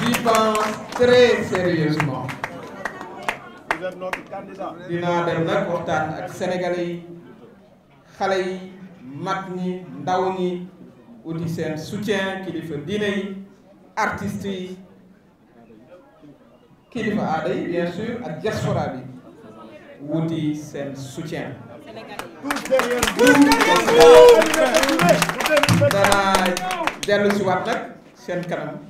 J'y pense très sérieusement. Dina dem nak waxtaan ak sénégalais yi xalé yi mat ñi ndaw ñi uti sen soutien kilifa dina yi artistes yi kilifa aada yi bien sûr ak diaspora bi wuti seen soutien. danaa dellu si waat nak sen kanam.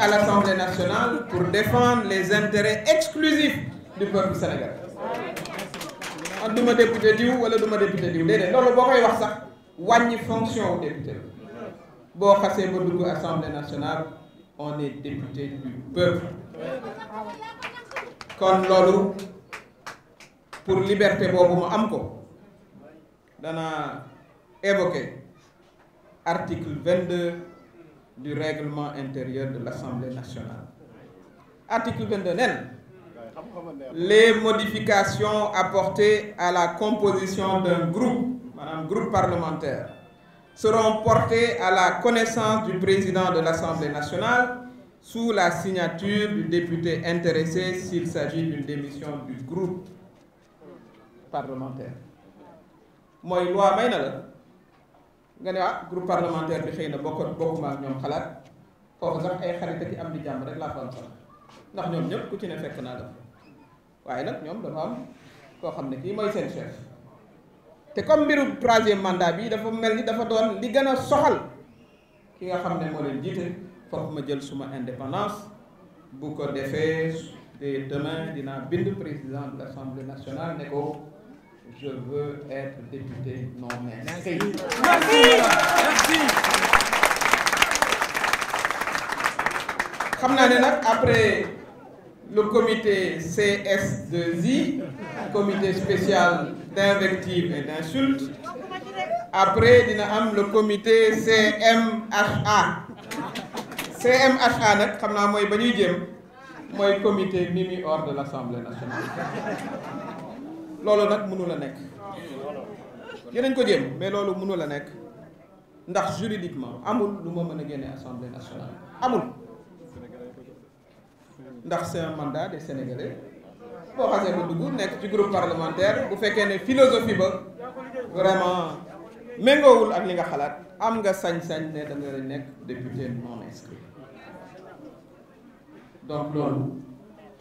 à l'Assemblée nationale pour défendre les intérêts exclusifs du peuple sénégalais On du député diw wala du député du Non, loolu boo ça. wax fonction au député Bon, xasee ba dugg Assemblée nationale on est député du peuple Comme Lolo pour liberté pour ma Amko, dans évoqué. évoquer article 22 du règlement intérieur de l'Assemblée nationale. Article 22 Les modifications apportées à la composition d'un groupe, Madame, groupe parlementaire, seront portées à la connaissance du président de l'Assemblée nationale sous la signature du député intéressé s'il s'agit d'une démission du groupe parlementaire. Moi, loi nga ne ah groupe parlementaire bi xëy na bokkoon bokkuma ak ñoom xalaat foofu sax ay xarit ak am di jàmm rek laa fa am sax ndax ñoom ñëpp ku ci ne fekk naa def waaye nag ñoom dafa am koo xam ne kii mooy seen chef te comme mbiru troisième mandat bi dafa mel ni dafa doon li gën a soxal ki nga xam ne moo leen jiite foofu ma jël suma indépendance bu ko defee de demain dinaa bind président de l'Assemblée nationale ne ko je veux être député non Merci. Merci. après le comité CS2I comité spécial d'invective et d'insultes, après le comité CMHA CMHA comité xam le comité Mimi hors de l'Assemblée nationale lolo nak mënu la nekk dinañ ko jéem mais lolo mënu la nekk ndax juridiquement amul lu ma mën a assemblée nationale amul ndax c'est un mandat des sénégalais bo xasse ba dugg nek ci groupe parlementaire bu fekkee ne philosophie ba vraiment méngoowul ak li nga xalaat am nga sañ-sañ ne da nga nekk député non inscrit donc loolu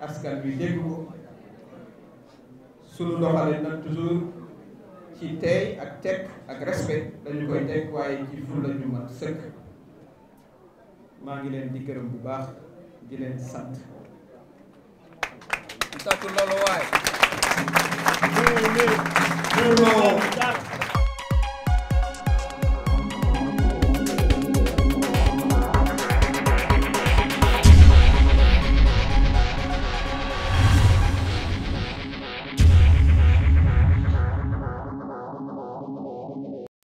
askan bi dégg ko suñu doxale nag toujours ci teey ak teg ak respect dañu koy teg waaye ci fulla ñu mat sëkk maa ngi leen di gërëm bu baax di leen sant. loolu waay.